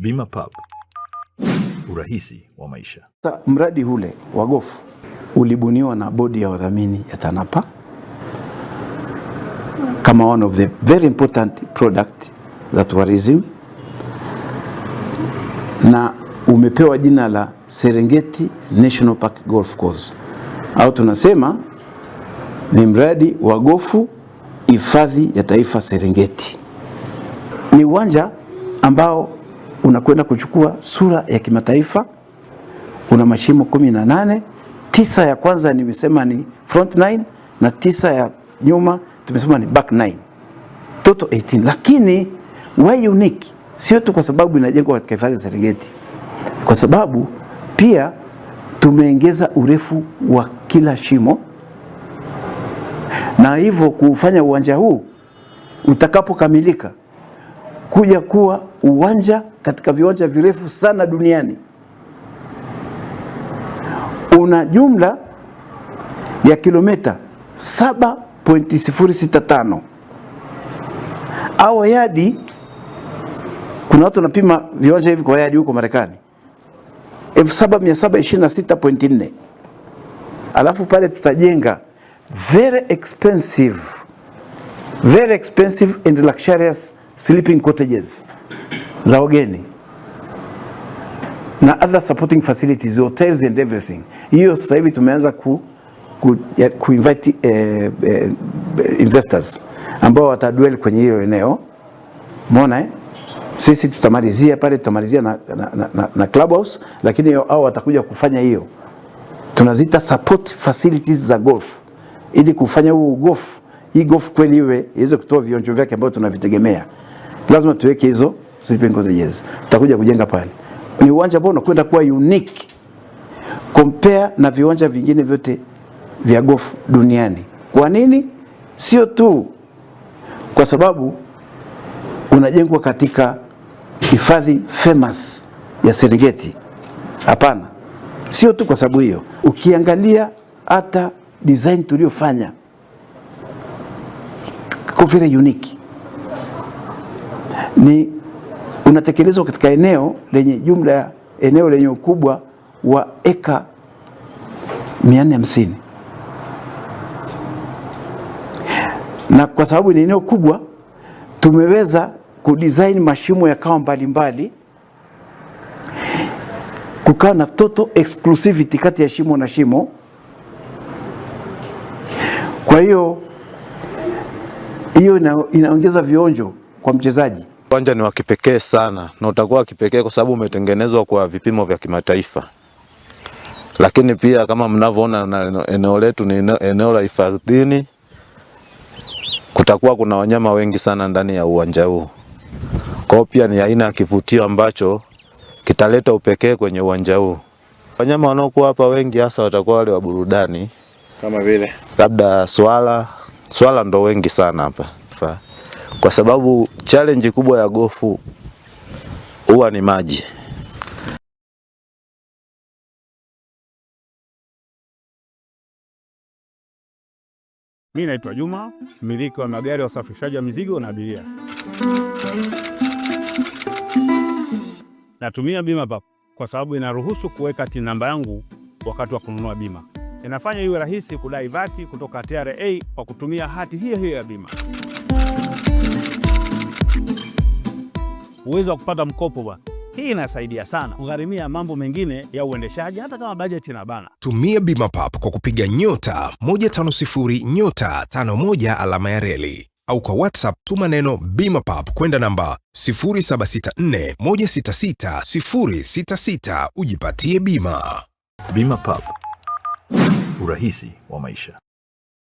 Bima Pub, urahisi wa maisha. Sa, mradi ule wa gofu ulibuniwa na bodi ya wadhamini ya TANAPA kama one of the very important product za tourism na umepewa jina la Serengeti National Park Golf Course au tunasema ni mradi wa gofu hifadhi ya taifa Serengeti. Ni uwanja ambao unakwenda kuchukua sura ya kimataifa. Una mashimo kumi na nane, tisa ya kwanza nimesema ni front nine na tisa ya nyuma tumesema ni back nine, total 18. Lakini we unique sio tu kwa sababu inajengwa katika hifadhi ya Serengeti, kwa sababu pia tumeongeza urefu wa kila shimo na hivyo kufanya uwanja huu utakapokamilika kuja kuwa uwanja katika viwanja virefu sana duniani. Una jumla ya kilomita 7.065 au yadi. Kuna watu wanapima viwanja hivi kwa yadi huko Marekani 7726.4. Alafu pale tutajenga very expensive very expensive and luxurious sleeping cottages za wageni na other supporting facilities, hotels and everything. Hiyo sasa hivi tumeanza ku, ku, ya, ku invite eh, eh, investors ambao watadwell kwenye hiyo eneo umeona eh? Sisi tutamalizia pale, tutamalizia na, na, na, na clubhouse, lakini hao watakuja kufanya hiyo, tunazita support facilities za golf ili kufanya huu golf hii gofu kweli iwe iweze kutoa vionjo vyake ambavyo tunavitegemea, lazima tuweke hizo sleeping cottages. Tutakuja kujenga pale, ni uwanja ambao unakwenda kuwa unique compare na viwanja vingine vyote vya gofu duniani. Kwa nini? Sio tu kwa sababu unajengwa katika hifadhi famous ya Serengeti. Hapana, sio tu kwa sababu hiyo. Ukiangalia hata design tuliyofanya kwa vile uniki ni unatekelezwa katika eneo lenye jumla ya eneo lenye ukubwa wa eka 450 na kwa sababu ni eneo kubwa, tumeweza kudesign mashimo ya kawa mbalimbali, kukawa na total exclusivity kati ya shimo na shimo. Kwa hiyo hiyo inaongeza vionjo kwa mchezaji. Uwanja ni wa kipekee sana na utakuwa kipekee kwa sababu umetengenezwa kwa vipimo vya kimataifa, lakini pia kama mnavyoona na eneo letu ni eneo la hifadhini, kutakuwa kuna wanyama wengi sana ndani ya uwanja huu. Kwa hiyo pia ni aina ya kivutio ambacho kitaleta upekee kwenye uwanja huu. Wanyama wanaokuwa hapa wengi hasa watakuwa wale wa burudani kama vile labda swala swala ndo wengi sana hapa, kwa sababu challenge kubwa ya gofu huwa ni maji. Mimi naitwa Juma, mmiliki wa magari ya usafirishaji wa mizigo na abiria. Natumia bima papo kwa sababu inaruhusu kuweka TIN namba yangu wakati wa kununua bima inafanya iwe rahisi kudai vati kutoka TRA kwa kutumia hati hiyo hiyo ya bima. Uwezo wa kupata mkopo ba, hii inasaidia sana kugharimia mambo mengine ya uendeshaji hata kama bajeti ina bana. Tumia bima pap kwa kupiga nyota 150 nyota 51 alama ya reli au kwa WhatsApp tuma neno bima pap kwenda namba 0764166066 ujipatie bima. Bima pap urahisi wa maisha.